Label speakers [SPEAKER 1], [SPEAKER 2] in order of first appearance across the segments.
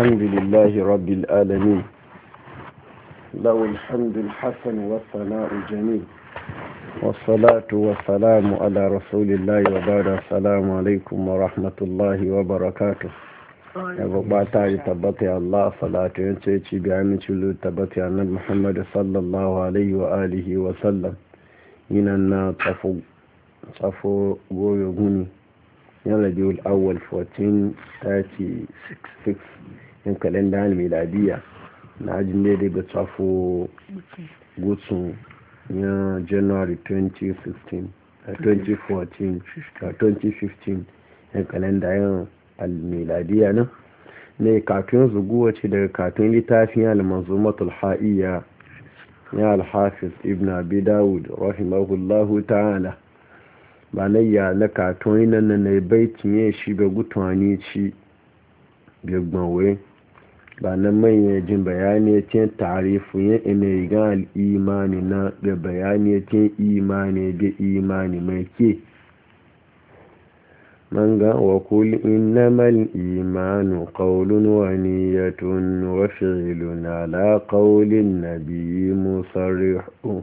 [SPEAKER 1] الحمد لله رب العالمين له الحمد الحسن والثناء الجميل والصلاة والسلام على رسول الله وبعد السلام عليكم ورحمة الله وبركاته ba yi tabbata Allah salatu ya ce ci biya min cilu tabbata sallallahu alaihi wa wa sallam yinan na tsafo yana da awal 1436 yin kalenda miladiya na ajin daidai ga tsafo gutsun ya january 2014 a 2015 yin kalenda yin miladiya nan ne katun zuguwa ce daga katun littafin almanzumatul ha'iya ya alhafiz ibn abi dawud rahimahullahu ta'ala ba na yi na katun nan na baitin ya shi ga gutwani ci gbegbanwe ba na manya jin bayani cin tarifu yin inirigan al'imani na da bayani cin imani da imani mai ke man ga wa kul innamal imanu qawlun wa niyyatun wa fi'lun ala qawlin nabiyyi musarrihu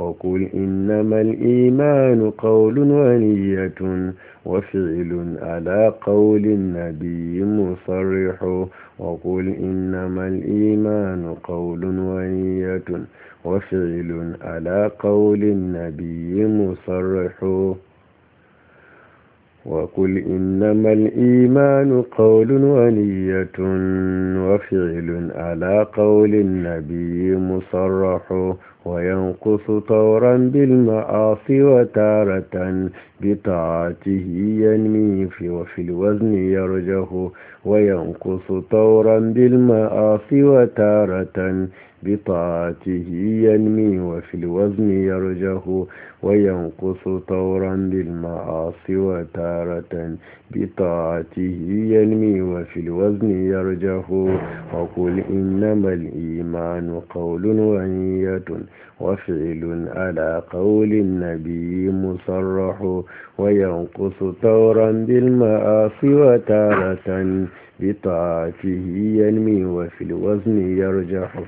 [SPEAKER 1] وقل إنما الإيمان قول ونية وفعل على قول النبي مصرح وقل إنما الإيمان قول ونية وفعل على قول النبي مصرح وقل إنما الإيمان قول ونية وفعل على قول النبي مصرح وينقص طورا بالمعاصي وتارة بطاعته ينمي في وفي الوزن يرجه وينقص طورا بالمعاصي وتارة بطاعته ينمي وفي الوزن يرجه وينقص طورا بالمعاصي وتارة بطاعته ينمي وفي الوزن يرجه وقل إنما الإيمان قول ونية وفعل على قول النبي مصرح وينقص طورا بالمعاصي وتارة بطاعته ينمي وفي الوزن يرجح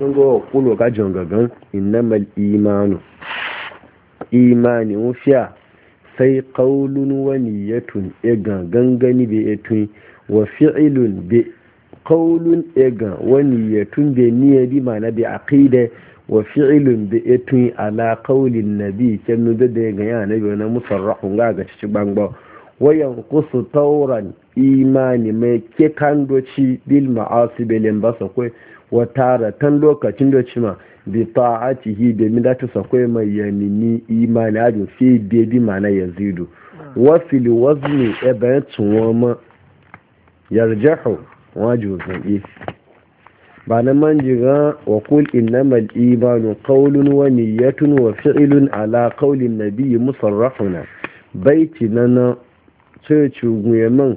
[SPEAKER 1] sun gowa kulo e ga jongagan innamal imanu imani wufiya sai kaulun wani ya tun egan gangani bai ya tun wa fi'ilun bai kaulun egan wani ya tun bai niyya bi mana bai aqida wa fi'ilun bai ya tun ala kaulin nabi kyan nuda da ya gaya na biyu na musarrahun ga ga cici gbangba wayan kusu tauran imani mai kekandoci bil ma'asi belin basa wa tan lokacin da cima bi ta'atihi da mi da tusa sakwai mai yanini imani ajin fi bi bi mana yazidu wa fil wazni e bayan ma yarjahu waju zabi ba na man jira wa kul innamal imanu qawlun wa niyyatun wa fi'lun ala qawlin nabiyyi musarrahuna baiti na sai ci guyeman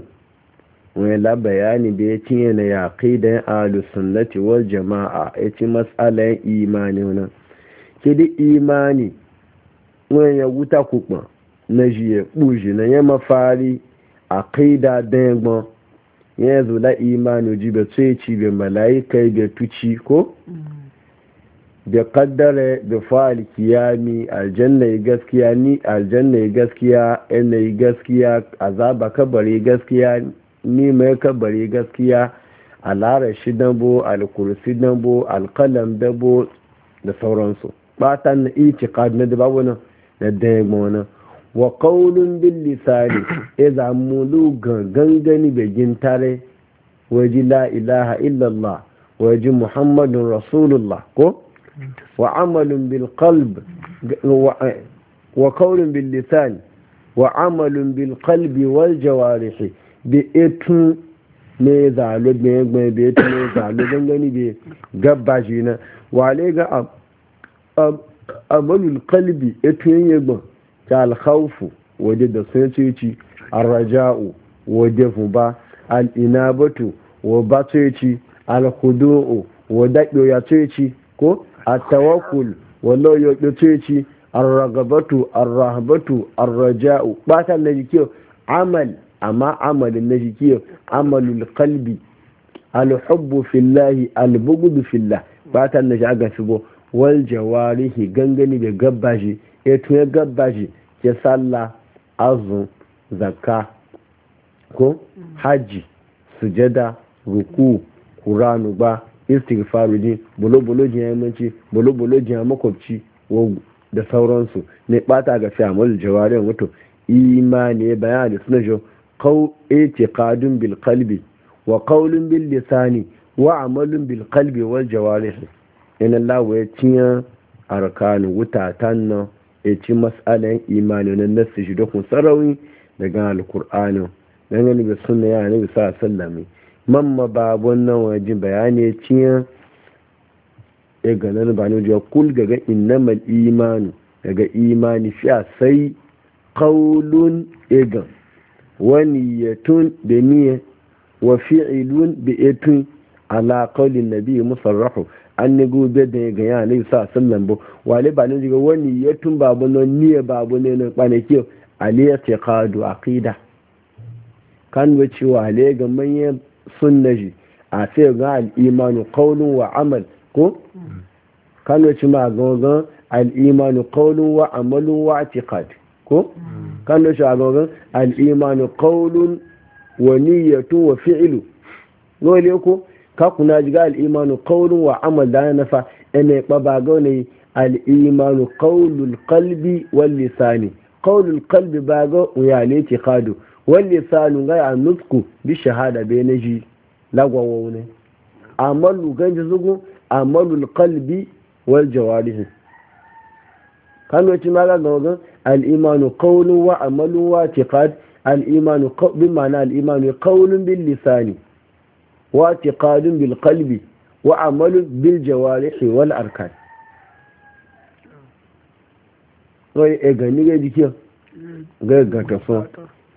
[SPEAKER 1] wani la bayani da ya cinye na yaƙi da sunnati wal jama'a ya ci matsalar imani wani di imani wani ya wuta kukma na shi ya ɓuji na ya mafari a kaida dangon ya zula imani ji bai tsaye ci bai bai tuci ko da kaddara da fa'ali kiyami aljanna yi gaskiya ni aljanna yi gaskiya yana yi gaskiya azaba kabari gaskiya ni. ni mai kabari gaskiya a larashi dambo alkursi dambo alkalam dambo da sauransu ta na cika na daba wani da daigba wani wa kaulun bin lisani ya e zamu gangani begin tare waji la ilaha illallah waji muhammadun rasulullah ko wa amalin bil kalb wa kaulun bil lisani wa amalin bil kalbi wal jawarihi bi etu ne zalo lo gbe bi etun ne zalo gangani bi gabba ji na wa le ga amalul kalbi etu yin gban ta alhaufu waje da sun ceci arraja'u waje al'inabatu wa ba ceci wa daɗo ya ceci ko a tawakul wallo ya ceci arragabatu arrahabatu ba ta le ki amal amma amalin na jiki amalul kalbi alhubbu fillahi albugudu fillah ba ta na shi aga shigo wal jawarihi gangani da gabbashi ya tun ya gabbashi ya salla azu zakka ko hajji sujada ruku kuranu ba istighfaru ji bulo-bulo jin yammanci bulo-bulo jin makwabci wogu da sauransu ne bata ga fiyamun jawarin wato imani bayani da suna qaw i'tiqadun bil qalbi wa kaulun bil lisani wa amalun bil qalbi wal jawarih in Allah wa tiya arkanu wutatan na ci mas'alan imani na nasu shi daga alkur'ani dan ne da sunna ya ne sa sallami man babun nan waje bayani tiya e ganan ba ne ya kul gaga innamal imanu daga imani fiya sai kaulun egan waniyatun da niyya wa fi'ilun bi etun ala qaulin nabi musarrahu an ni gobe da ga ya ne sa sallan bo wale ba ne diga waniyatun babu non niyya babu ne na kwanake aliya tiqadu aqida kan wace wale ga manyan sunnaji a sai ga al-imanu qaulun wa amal ko mm. kan wace ma ga al-imanu qaulun wa amalun wa i'tiqad ko hmm. kan da shi a gaban qawlun wa niyyatu wa fi'lu lole ko ka kuna jiga al'imanu qawlun wa amal da nafa ene pa ba ga ne al'imanu qawlul qalbi wal lisani qawlul qalbi ba ga ya le ti qadu wal lisanu ga ya nutku bi shahada be ne ji lagwawo ne amalu ganji zugu amalul qalbi wal jawarihi kano ci maga ga wagan al'imanu kaunin wa amalun wa i'tiqad al'imanu bi ma'ana al'imanu kaunin bil lisani wa i'tiqadun bil qalbi wa amalun bil jawarihi wal arkan wai e gani ga jikin ga ga kafa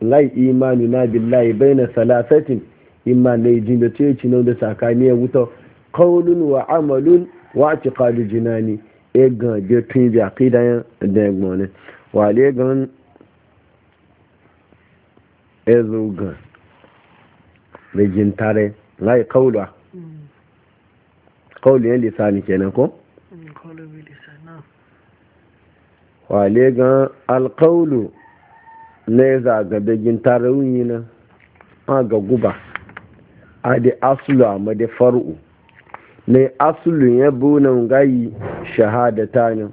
[SPEAKER 1] lai imanu na billahi baina salasatin imma ne jin da ce ci nan da sakaniya wuta kaunin wa amalun wa i'tiqadu jinani E je tun bi akida wa le gan ezo gan jintare kaula yan lisani ko mm, wa le gan ne za ga jintare wuyi na ga guba ade aslu amma de far'u ne asulun ya buna gayi shahadata ne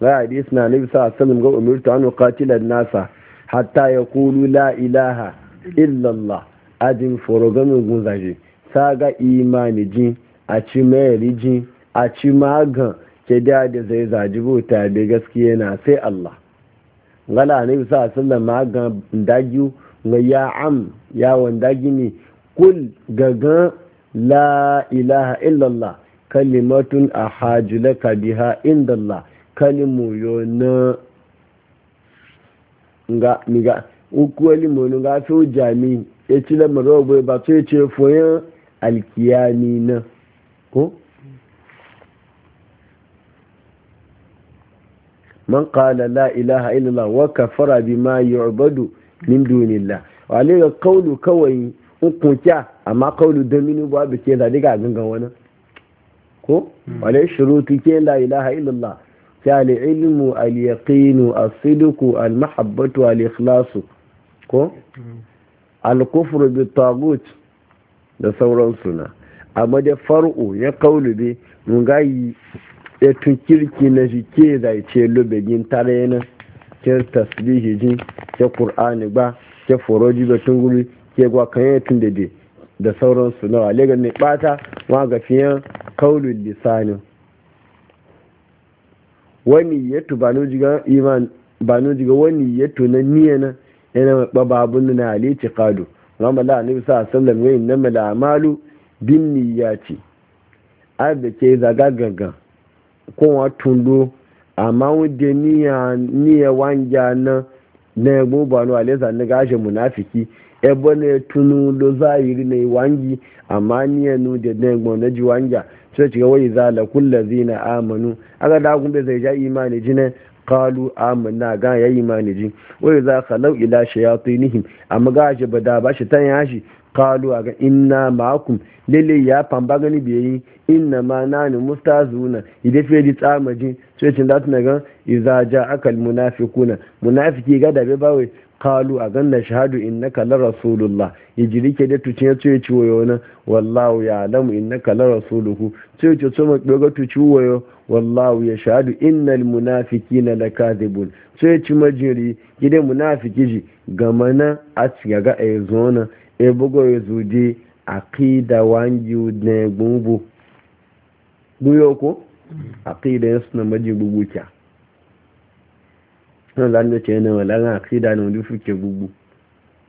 [SPEAKER 1] ga hadis na nabi sa sallam ga umirtu an qatilan nasa hatta yaqulu la ilaha illa allah ajin gun zaje saga imani jin a ci mai jin a ci magan ke da da zai zaji buta da gaskiya na sai allah ngala nabi sa sallam magan dagiu ga ya am ya wanda gini kul gagan إله ilaha illallah كلمة أحاج لك بها indallah الله كلمة يونا nga nga ukweli monu nga fi ujami eti la mara ogbe ba to ece foyan alkiyami na ko man qala la ilaha illallah wa kafara bima yu'badu min dunillah wa alayka qawlu kawai hukun kya amma kaulu domini ba bi ce zaɗi ga gangan wani ko wale shurutu ke la ilaha illallah ta al'ilmu al-yaqinu as-sidqu al-mahabbatu al-ikhlasu ko al-kufru bi tagut da sauran suna amma da far'u ya kawulu bi mun gayi ya tun kirki na shi ke zai ce lobegin tare na ke tasbihi ji ke qur'ani ba ke foroji ba tunguri ke gwa kan tun da da sauransu na walegan ne bata ma ga fiyan kaulun lisanin wani yato ba no jiga iman ba no jiga wani yato na niyya na yana mai baba abun na alici kado ramar la annabi sa sallam yayin nan mala amalu bin niyyati da ke zaga gaga kowa wa tundo amma wudde niyya niyya wanja na na ba no alisa na gashin munafiki ne tunu lo yi ne wangi amma niya nu da ne na ji wanga sai ci wai zala zina amanu aga da kun bai ja imani jine qalu amanna ga ya imani ji wai za khalau ila shayatinihim amma ga shi bada ba shi tan yashi kalu a ga inna ma'akum lele ya famba gani biyayi inna ma nani zuna ide fiye di tsamaji sai cin da tuna ga idza ja'aka al munafiquna munafiki ga da bawai kalu a ganna shahadu inna kalar rasulullah yijiri ke da tuci ya ce ci na wallahu ya'lamu inna kalar rasuluhu ce ce so ma ga tuci wayo wallahu ya shahadu innal da kazibun sai ci majiri gidan munafiki ji gamana a ci ga ga ayyuna ebogo ya zude aqida wangi ne gbubu guyo ko aqida ya suna maji gbubu cha na zan da ce ne wala na aqida ne wani fuke gbubu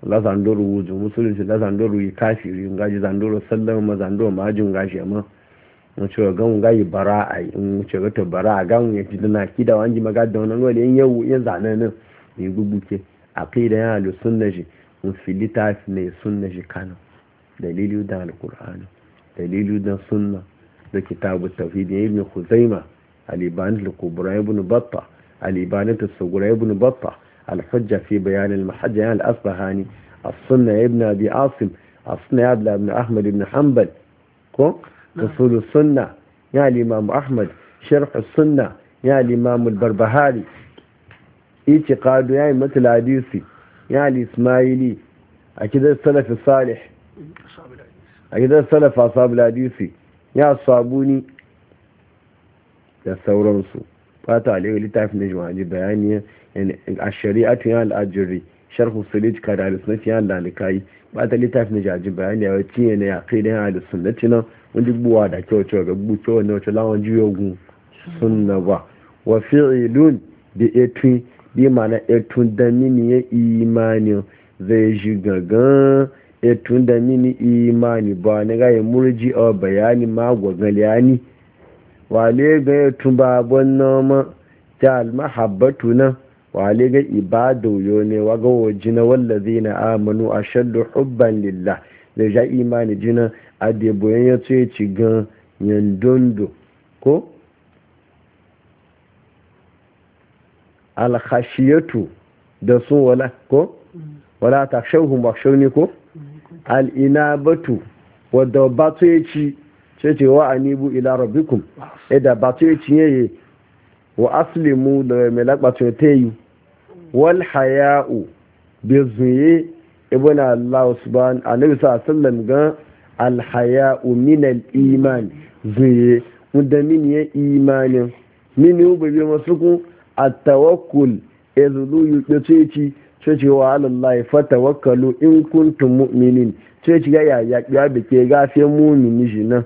[SPEAKER 1] la zandoro wuzu musulunci la zandoro yi kafiri ngaji zandoro sallama ma zandoro majin ngaji ma mu ce ga mun gayi bara ai mu ce ga to bara ga mun yaji dana kida wanji maga da wannan wani yan yau yan zanan nan ne gbubu akida aqida ya alusunna shi fi littafi ne suna shi kanan dalilu da alkur'ani dalilu da suna da kitabu tafidin ibn khuzaima alibanat al-kubra ibn batta alibanat al-sughra ibn batta al-hujja fi bayan al-mahajja al-asbahani as-sunna ibn abi asim as-sunna abla ibn ahmad ibn hanbal ko usul suna ya al-imam ahmad sharh suna ya al-imam al-barbahari itiqadu ya imam al-hadisi ya al-ismaili a kidar salafi salih a kidar salafa sabu ladisi ya sabuni da sauransu fata alayyar littafin da jimaji bayani a shari'atu ya al'ajiri sharhu sulij ka da alisunnati ya lalikayi bata littafin da jaji bayani a wacce yana ya kai da ya alisunnati nan wani buwa da kyau cewa ga buke wani wacce lawan jiyogun sunna ba wa fi'ilun da etun bi mana etun da mini ya imani zai ji gangan etun da mini imani ba ga ya murji a bayani magwagaliyani wale ga etun babon noma ta almahabbatu nan wale ga ibada yo ne waga waji na wallazi na amanu a shaddu hubban lillah da ja imani jina a deboyen ya ce ci gan yandondo ko alhashiyatu da so wala ko wala ta shauhun ba shauni ko al'inabatu wadda ba to ya ci ce ce wa anibu ila rabbikum da ba to ya ci yaye wa aslimu da mai ya ta yi wal haya'u bi zuye ibn Allah subhanahu annabi sallallahu alaihi wasallam ga al haya'u min al iman zuye mudda min ya imanin min masu ku. التوكل إذ ذو يتشيكي cece wa alallahi fatawakkalu in kuntum mu'minin cece ga ya ya ya bike gafiyan mu'mini shi nan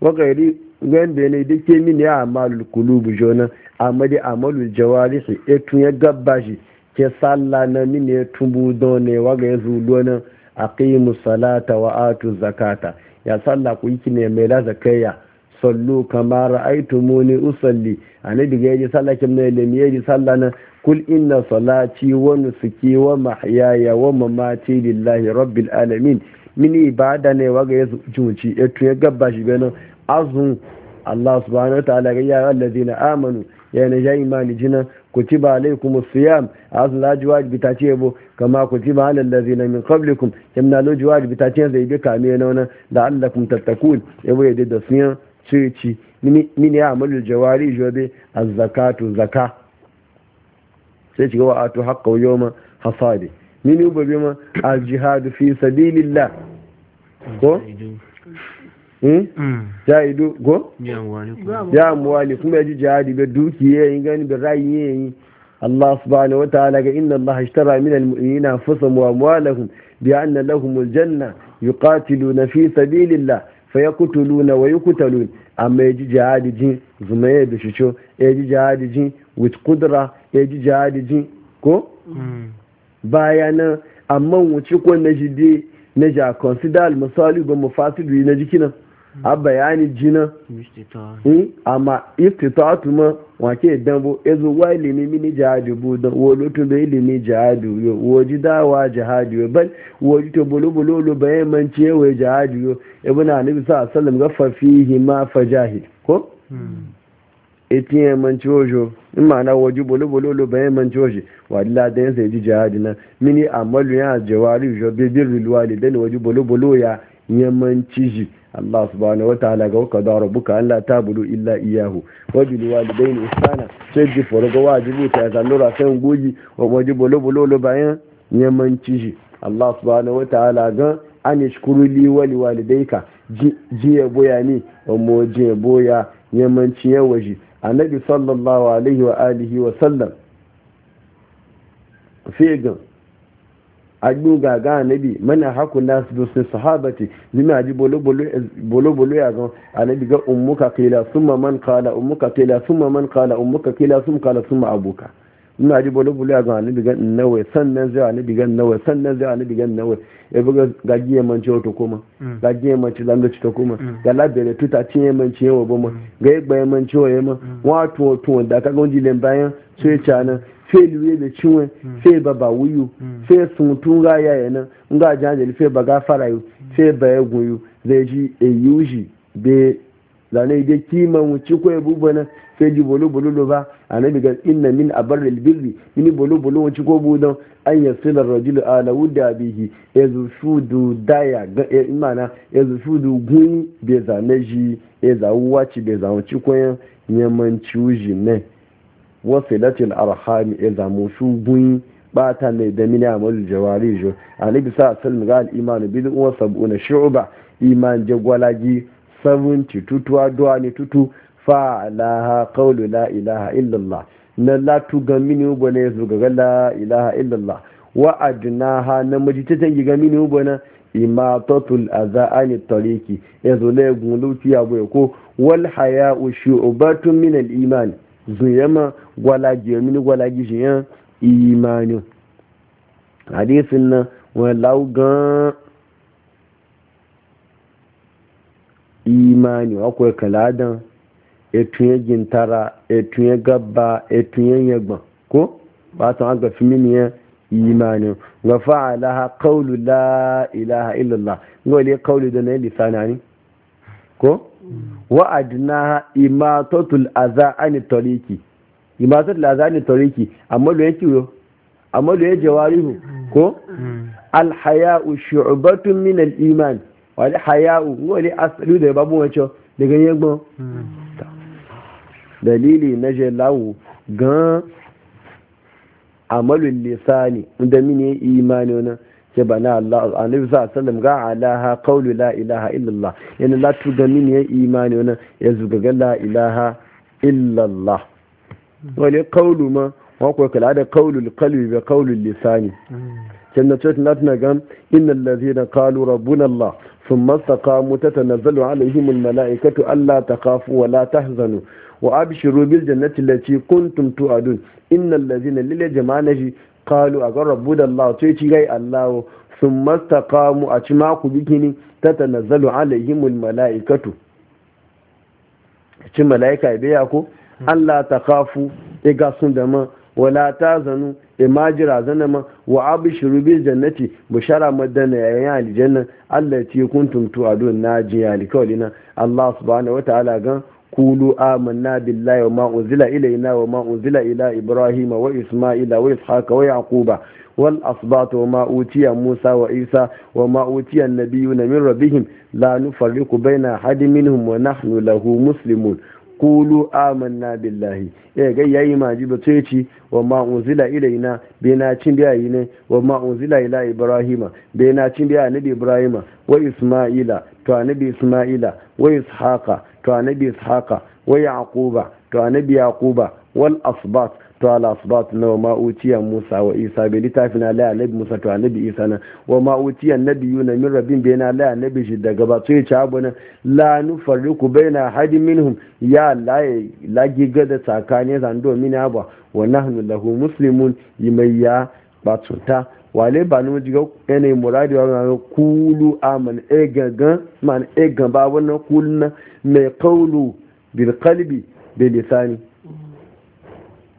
[SPEAKER 1] wa gairi gande ne dike min ya amalul kulubu jona amma dai amalul jawarih etun ya gabba shi ke salla na min ya tumbu done wa ga yazu lona aqimu salata wa atu zakata ya salla ku yi ne mai la zakaya sallu kama muni usalli annabi ga yaji sallah kin ne yaji sallah na kul inna salati wa nusuki wa mahyaya wa mamati lillahi rabbil alamin min ibada ne ga yasu jumuci etu ya gabba shi benin azun Allah subhanahu wa ta'ala ga ya allazina amanu ya ne ja imani jina kutiba alaikum siyam azun la juwaj bitace bo kama kutiba alal ladina min qablikum yamna lo juwaj bitace zai bi kame na wannan da allakum tattakun yabo yadda da suyan sai ci mini ya amalul jawari jobe zakatu zaka sai ci ga wa'atu haqqa yawma hasadi mini ubabe ma aljihadu fi sabilillah ko idu go ya muwali kuma yaji jihadi be dukiye yin gani be rayi yin Allah subhanahu wa ta'ala ga inna Allah ishtara min al-mu'minina anfusahum wa amwalahum bi anna lahum al-janna yuqatiluna fi sabilillah fa na wayi kutalu amma yaji jihadi jin zuma ya da shicho yaji jihadi jin with qudra yaji jihadi jin ko mm. bayanan amma wuce ko na jide na ja consider al masali mafasidu na jikina a bayani jina hmm? amma iftitatu ma wake dambo ezo wa ilimi mini jihadi bụ don wo ilimi jihadi yo wo ji jihadi yo bal bayan man ciye wa jihadi sa sallam ga fa fihi ma fajahid ko hmm. etiye man ciwojo in ma'ana ya ji jihadi na mini amalu ya ya Allah subhanahu wataala ga kada Allah ta bulu illa iyyahu wa bil walidayni ihsana sai ji wajen wajibu ta zalura sai goji wa wajibu lo lo bayan yamanci shi Allah subhanahu wataala ga an shukuru li wa li walidayka ji ya boya ne wa mo ji ya boya ci ya waje annabi sallallahu alaihi wa alihi wa sallam sai agbo gaga anabi mana haku nasu dusin sahabati zima aji bolo-bolo ya zan anabi ga ummuka kila summa man kala ummuka kila summa man kala ummuka kila summa kala summa abuka ina ji bolo bulu ga ni in nawe sannan zai ni bigan nawe sannan zai ni bigan nawe ya buga gaji ya manci wato kuma mm. gaji ya manci langaci ci ta kuma mm. ga labere tuta cin ya manci yawa ba ma mm. ga ya gbaya manci wa ya ma wato wato da ka gonji len bayan so ya cana fe luye da ciwe ba ba wuyu fe sun tun ga ya yana nga janjali fe ba ga fara yu fe ba ya gunyu zai ji e yuji zane da kima wuce ko ya bubu na sai ji bolo bolo lo ba annabi ga inna min a abarril birri mini bolo bolo wuce ko bu don an yasila rajulu ala wuda bihi yazu shudu daya ga e, imana ya yazu du gun be zane ji e za wace be za wuce ko yamanci uji ne wasu latin arhami ya za mu su gun bata mai da mini amal jawari jo annabi sa sallallahu alaihi wa sallam ga al iman bid'u wa sab'una shu'ba iman jagwalaji 70 tutuwa duwa ne tutu fa laha qawlu la ilaha illallah na latu ga mini ubo ne su ga la ilaha illallah wa adnaha na majitatan ga mini ubo na imatatul adha ani tariki yazo le guluci abu ko wal haya haya'u shu'batun min al iman zuyama gwala jemini gwala gishiyan imanin hadisin nan wa laugan imani akwai kaladan etunye gintara etunye gaba etunye yagban ko ba ta aga fi miniyan imani ga alaha kawulu la ilaha illallah ngo le qawlu da ne lisana ni ko wa adnaha imatatul adha ani tariqi imatatul adha ani tariqi amma lo yake yo amma lo yake jawarihu ko mm. al haya'u shu'batun min iman wani wọ́n lè asali da babu wancan daga yagbon dalili na jelawu gan amalul lisani da mini imani wani ke bana Allah annabi sa sallam ga alaha qawlu la ilaha illallah yana la tu ga imani ya zuga ga la ilaha illallah lè qawlu ma haka kai kala da kaulul qalbi bi lisani kin da tsotin latin gan innal ladina qalu rabbunallah thumma tahzanu wa abshiru bil jannati allati kuntum tu'adun innal ladina lil jamanahi qalu agar rabbunallah tayti gai allah thumma taqamu malaika bai ko hmm. Allah ta kafu ga wala ta zanu imajira zana ma wa abshiru bil jannati bushara madana ya ya aljanna allati kuntum tu'adun alikawali na Allah subhanahu wa ta'ala gan kulu amanna billahi wa ma unzila ilayna wa ma unzila ila ibrahim wa isma'ila wa ishaqa wa yaquba wal asbat wa ma utiya musa wa isa wa ma utiya nabiyuna min rabbihim la nufarriqu bayna ahadin minhum wa nahnu lahu muslimun kulu amanna billahi e ga yayi maji ba sai ci wa ma unzila ilaina be na cin biya yi ne wa ma unzila ila ibrahima be na cin biya nabi ibrahima wa isma'ila to nabi isma'ila wa ishaqa to nabi ishaqa wa yaquba to nabi yaquba wal asbat to ala asbat na wa uciya musa wa isa bai littafin laya nabi musa to annabi isa na wa ma nabi yuna min rabin bai na laya annabi shi daga ba to ya ci abu na la ku bai na hadin minhum ya laye lagi gada tsakani zan domin ya ba wa nahnu lahu muslimun yi mai ya batuta wale ba ni wajen yanayi muradi wa na kulu aman egagan man egan ba wannan kulu na mai kaulu bil kalbi bil lisani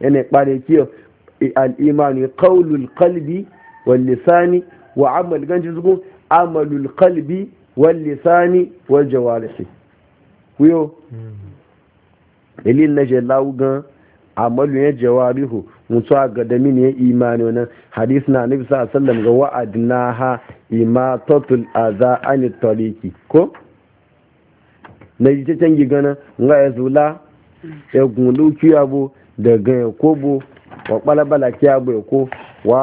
[SPEAKER 1] yana kpare kiyo al'imani qaulul kalbi wal lisani wa amal ganci zuku amalul qalbi wal lisani wal jawarisi kuyo ilil na jelawu gan amalu ya hu mutu a ga dami ne imani wannan hadis na nabi sa sallam ga wa'adina ha imatatul aza an tariki ko na yi ta canji gana ga ya zula egun lókì abo dẹ̀gàn ẹ̀kọ́ bo wà pálábàlà kí abo ẹ̀kọ́ wà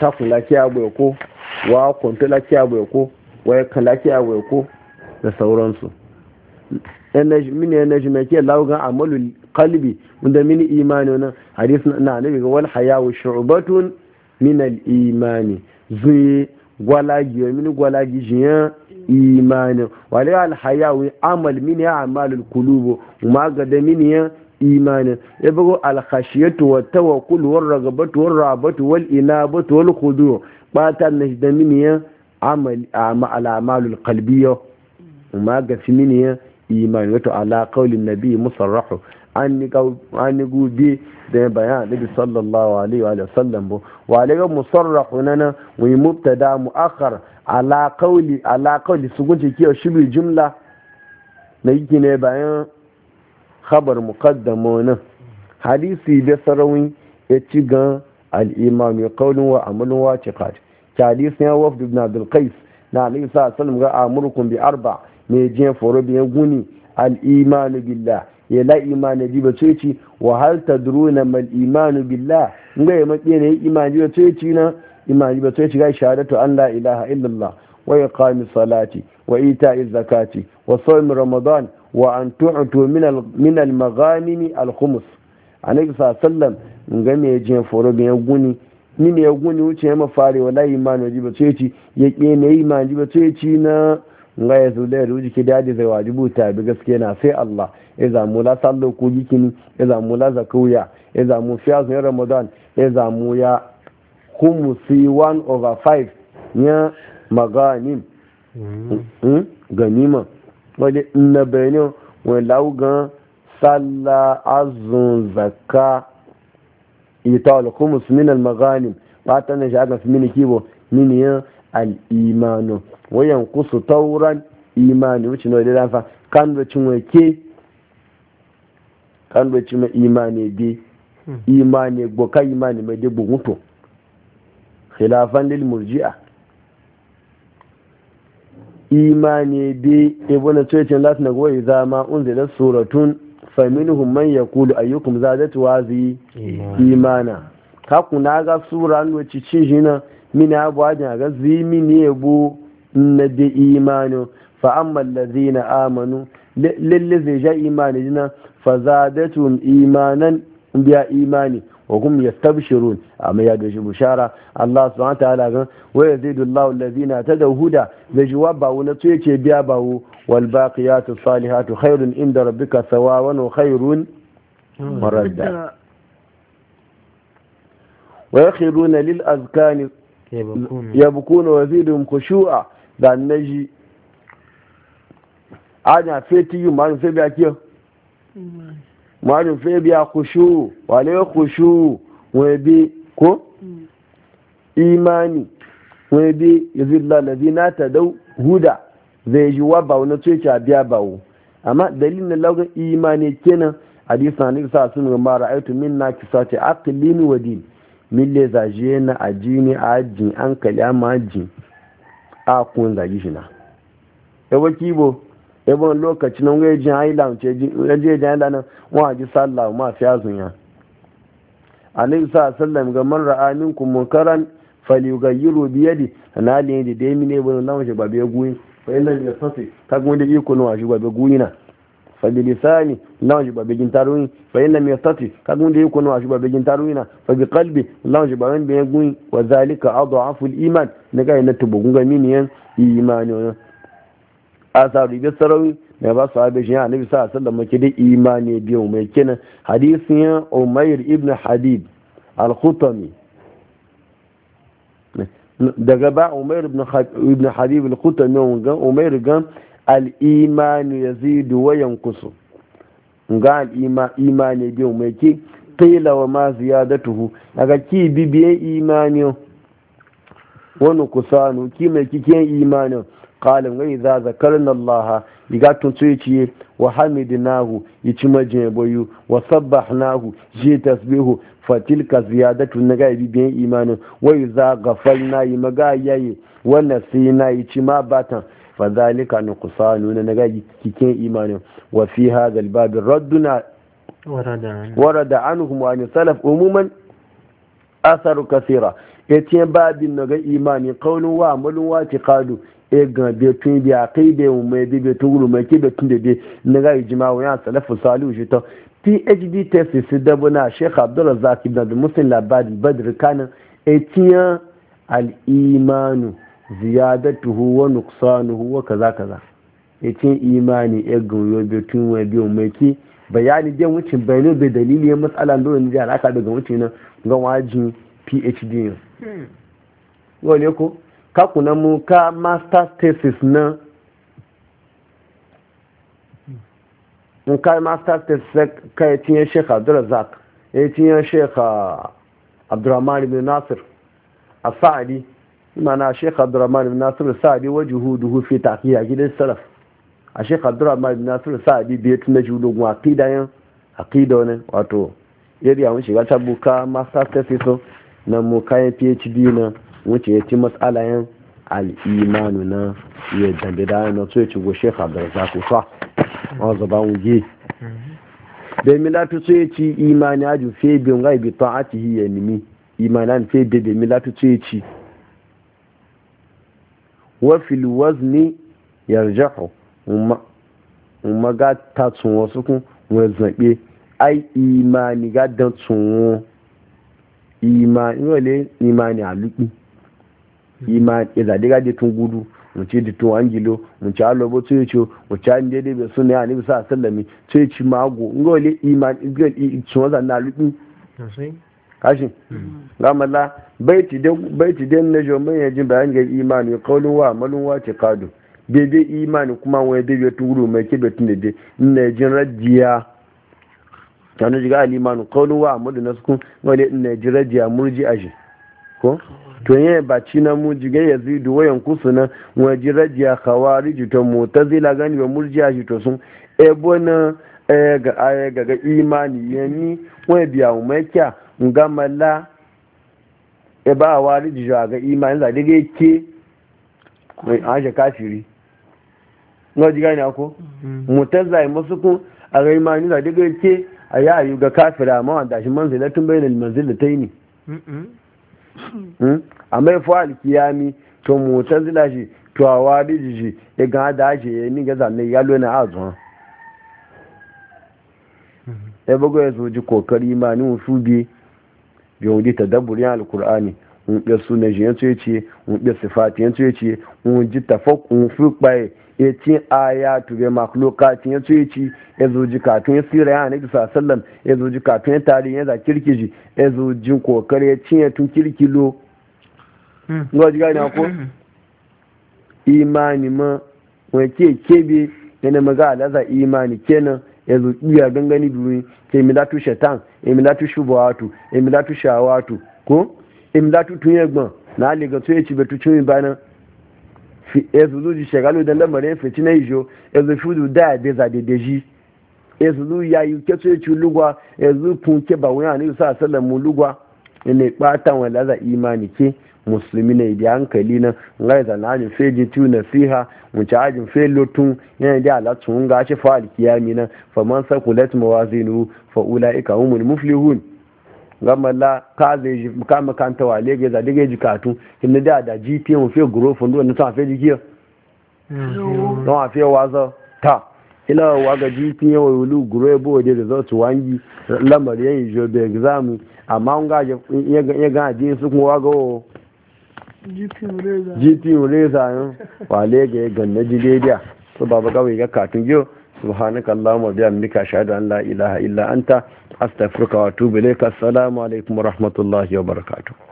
[SPEAKER 1] takùnlá kí abo ẹ̀kọ́ wà kọ̀ǹtẹ́lá kí abo ẹ̀kọ́ wà ẹ̀kànlá kí abo ẹ̀kọ́ da sauransu mini energy mai ke laugan amalu kalbi wanda mini imani wani hadis na nabi ga wani hayawu shu'batun minal imani zuye gwalaji mini gwalaji jiyan imanin wale alhayawi amal mini ya amalin kulubu da mini ya imanin ya bugu alhashiyatu wa tawakkul wa ragabatu wa rabatu wal inabatu wal khudu bata na da mini ya amal alamalul qalbiyya ga fi mini ya imani wato ala qaulin nabi musarrahu an gobe da bayan annabi sallallahu alaihi wa sallam bo wa alaihi musarrahu nana wa mubtada muakhar ala kauli ala kauli su gunce kiyo shibi jumla na yake ne bayan khabar muqaddamo nan hadisi da sarawi ya ci gan al-imam ya kaulin wa amalin wa ciqat ki hadisi ya wafd ibn abdul qais na sa sallam ga amurkum bi arba ne je foro bi guni al-iman billah ya la imani bi bace wa hal tadruna mal iman billah ngai makiyayin imani bi bace ci na imani ba sai shiga shahadatu an la ilaha illallah wa iqami salati wa ita'i zakati wa sawm ramadan wa an tu'tu min al min al maghanim al khums annabi sallam ga me je foro ga guni ni ne guni wuce ya mafare wala imani ba sai ci ya ke ne imani ba sai ci na nga ya zo da ruji ki dadi zai wajibu ta bi gaske na sai Allah ya mu la sallo ku gikini ya mu la zakuya ya mu fiya ramadan ya mu ya kumusi 1 over 5 ya maganim mm. hmm? ganima wale na benin wani laugan salla azun zakka ita wala kumus min al maganim ba ta na shagan su mini kibo mini ya al imanu wayan kusu tauran imani wuce na wadda dafa kan da cin wake kan da cin imani bi hmm. imani gbo gboka imani mai dai mutu khilafan lil murji'a imani bi ibn tuytin lat na goyi zama unzila suratun minhum man yaqulu ayyukum zadat wazi imana ka kuna ga sura no cici jina min abu ajin ga zimi ne bu na bi imanu fa amma allazina amanu lalle zai ja imani jina fa zadatum imanan biya imani wa hum yastabshirun amma ya gashi bushara Allah subhanahu ta'ala gan wa yazidu da allazina tadaw huda da jawaba wala to yake biya bawo wal baqiyatu salihatu khairun inda rabbika thawaban wa khairun maradda wa yakhiruna lil azkani yabkuna wa yazidum khushu'a da naji ana fetiyu ma sai biya kiyo malum fe biya kushu wale kushu bi ko imani webe yazilla ta dau huda zai ji wa ba wani ce a biya bawo amma dalilin na lauka imani kenan hadisan ne sa sun na kisa ce kisati aqlin wa din mille zaje na ajini ajin an kalyama ajin a kun zagi shi na e kibo ibn lokacin nan waje jin haila ce waje jin haila nan wa ji sallah ma fi azun ya alayhi sallam ga man ra'a minkum munkaran falyughayyiru bi yadi na ali da dai mine ibn nan waje babe guyi fa inna ya safi ta gun da iko nan waje babe guyi na fa bi lisani nan waje babe gin taruyi fa inna ya safi ta gun da iko nan waje babe gin taruyi na fa bi qalbi nan waje babe bin guyi wa zalika adhafu al iman ne ga ina tubugun ga yan imani asaru bi sarawi ne ba abin shi annabi sa sallallahu alaihi wasallam kidi imani biyu mai kina hadisin ya umair ibn habib al-khutami daga ba umair ibn habib al-khutami ga umair gan al-iman yazidu wa yanqusu ga al-iman imani biyu mai ki qila wa ma ziyadatuhu daga ki bibiye imani wani kusanu ki mai kiken imani qalin wai idza zakarna allah iga tun tsoye ciye wa hamidnahu ci maje bayu wa nahu ji tasbihu fatilka ziyadatu na ga bi biyan imanin wa idza ghafalna yi maga yayi wa nasina yici ma batan fadhalika nuqsanu na ga kikin imanin wa fi hadha albab radduna warada anhum wa an salaf umuman asaru kasira yace babin na ga imani qaulun wa amalun wa tiqadu e gan be tun bi a kai be mu mai bi be tuguru mai ke be tun da de ne ga ijma wa ya salafu salihu ti ta phd thesis da buna sheikh abdurrazzaq ibn abd muslim labad badr kan etiya al imanu ziyadatuhu wa nuqsanuhu wa kaza kaza etin imani e gan yo be tun wa bi o me ki bayani de wucin bayani be dalili ya matsala do ni da alaka daga wucin nan ga wajin phd ne hmm. ko kakuna mu ka master thesis na in ka master thesis ka ya cinye sheikh abdulrazak ya cinye sheikh ah, abdurrahman ibn nasir a sa'adi imana sheikh abdurrahman ibn nasir sa'adi waje huduhu fi taqiya gidan salaf a sheikh abdurrahman ibn nasir sa'adi bai tuna judogun aqida yan aqida wani wato yadda yawon shiga ta buka master thesis na mu kayan phd na wuce ya ci matsalayen al'imanu na ya dambe da na so ya ci goshe shekha da za ku fa a zaban wuge da mi lafi so ya ci imani aju fe ibi ta bi ta'atihi ya nimi imani an febe da mi lafi so ya ci wa fil wazni yarjahu umma ga ta tun wasu kun wa zabe ai imani ga dan tun imani wale imani aluki ima iza diga di tun gudu mu ci di tun angilo mu ci alobo tsoyoci mu an bai suna ya nabi sa sallami mago ima lukin hmm. gamala baiti den na jomai ya jin bayan ga imani kaulun wa amalun wa ce kado bebe imani kuma wani bebe tun gudu mai kebe tun da dai ina jin jiga alimanu wa na sukun ina jin murji a ko to yin baci na mu jiga ya zidu wayan kusu na waji rajiya kawari jito mu ta zila gani ba murjiya jito sun ebo na eh, aya eh, gaga imani yanni wani biya mu mai kya nga mala e ba wari jito ga imani za daga ke mai an shi kafiri nga jiga ni ako mu ta zai masu kun a ga imani za daga ke a mm-hmm. yayu ga kafira ma wanda shi manzila ta yi ne amma fa alkiyami to mutazila shi to awariji shi e e ya ga da shi ya ni ga zanne ya lona azuwa ya e bugu ya zoji kokari ma ni su bi biyu di tadabburin alkur'ani un ɓe sunan shi yanzu ya ce un ɓe sifati ya ce un ta tafakun fi kpaye ya ce tube makuloka makulokacin ya ce ci ya zoji kafin ya sira ya nabi sallam ya zoji kafin ya tarihin ya za kirkiji ya zoji kokari ya ya tun kirkilo gwaji gani ko imani ma wani ke kebe yana maga alaza imani kenan ya zo iya gangani duni ke milatu shaitan emilatu shubawatu emilatu shawatu ko emilatu tun yagbon na aligan so ya ci betu cin bayan ezu ji shagalu da lamarin fitina ijo ezu fudu da da za da ji ezu ya yi ketu ya e ci lugwa ezu punke ba wani anu sa salamu lugwa e ne batan wani e laza imani ke musulmi ne da hankali na ngai da najin feji tu nasiha mu ci ajin fe lotun yana da alatu ga shi fa alkiyami na faman sakulat mawazinu fa ulaika humul muflihun gama la ka zai ji ka makanta wa lege za dige ji katu inda da da gpa mu fe guro fundu na ta fe jikiya mm. don a fe waza ta ila wa ga gpa wa yulu guro e bo de result wangi lamar yan jo be exam amma nga ya ga ji su kuma wa ga o gpa reza yo wa lege ga na ji dai so baba ga we ga katun yo subhanaka allahumma wa bihamdika ashhadu an la ilaha illa anta astaghfiruka wa atubu ilayka alaikum wa rahmatullahi wa barakatuh